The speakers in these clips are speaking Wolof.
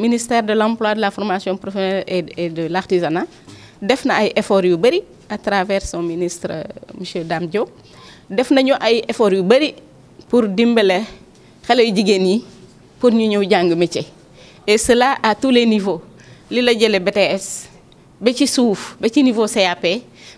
ministère de l'emploi de la formation professionnelle et de l'artisanat a fait ay effort yu à travers son ministre M. Damdio. Nous avons fait ay effort yu pour dimbale xalé yu jigen yi pour ñu ñew jang métier et cela à tous les niveaux li la jële BTS ba ci souf, ba ci niveau CAP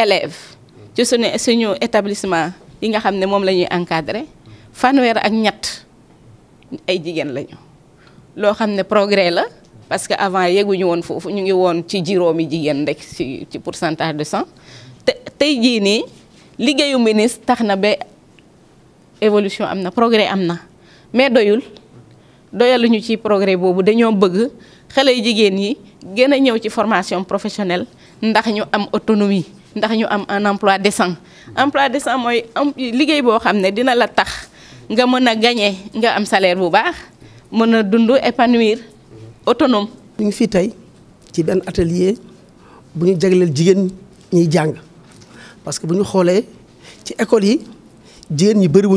élèves ci suñu suñu établissement yi nga xam ne moom la ñuy encadré fanweer ak ñett ay jigéen lañu loo xam ne progrès la parce que avant yeguñu woon foofu ñu ngi woon ci juróomi jigéen rek ci pour pourcentage de cent te tey jii nii liggéeyu ministre tax na ba évolution am na progrès am na mais doyul doyaluñu ci progrès boobu dañoo bëgg xale jigéen yi gën a ñëw ci formation professionnelle ndax ñu am autonomie ndax ñu am un emploi décent emploi décent mooy am liggéey boo xam ne dina la tax nga mën a gañe nga am salaire bu baax mën a dund épanouir autonome. ñu ngi fii tey ci benn atelier bu ñu jegleel jigéen ñiy jàng parce que bu ñu xoolee ci école yi jigéen ñi bëri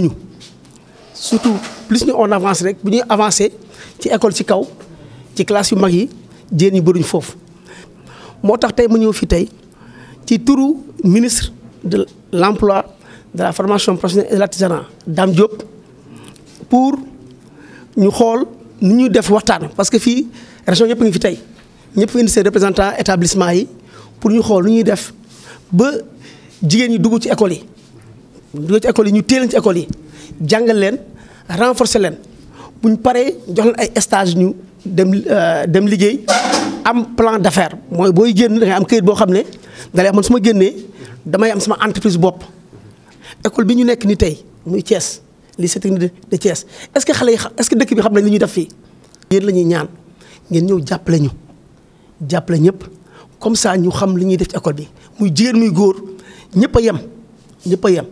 surtout plus ñu on avance rek bu ñuy avancé ci école ci kaw ci classe yu mag yi jigéen ñi bëriñu foofu moo tax tey mu ñëw fii tey. ci turu ministre de l'emploi de la formation professionnelle et de l' artisanat Dame Diop pour ñu xol ñu ñuy def waxtaan parce que fi région ñëpp ngi fi tay ñëpp indi représentant établissement yi pour ñu xol ñuy def ba jigen ñi dugg ci école yi dugg ci école yi ñu téel ci école yi jàngal leen renforcer leen buñ paré jox ay stage ñu dem euh, dem liggéey am plan d'affaires moy boy génn da ngay am këyit bo xamné dalay man su ma génnee damay am sama entreprise bopp ecole bi ñu nekk ni tey muy Thiès lycée technique de Thiès est-ce que xale yi est-ce dëkk bi xam na li ñuy def fii. yéen la ñuy ñaan ngeen ñëw jàppale ñu jàppale ñëpp comme ça ñu xam li ñuy def ci école bi muy jigéen muy góor ñëpp a yem ñëpp a yem.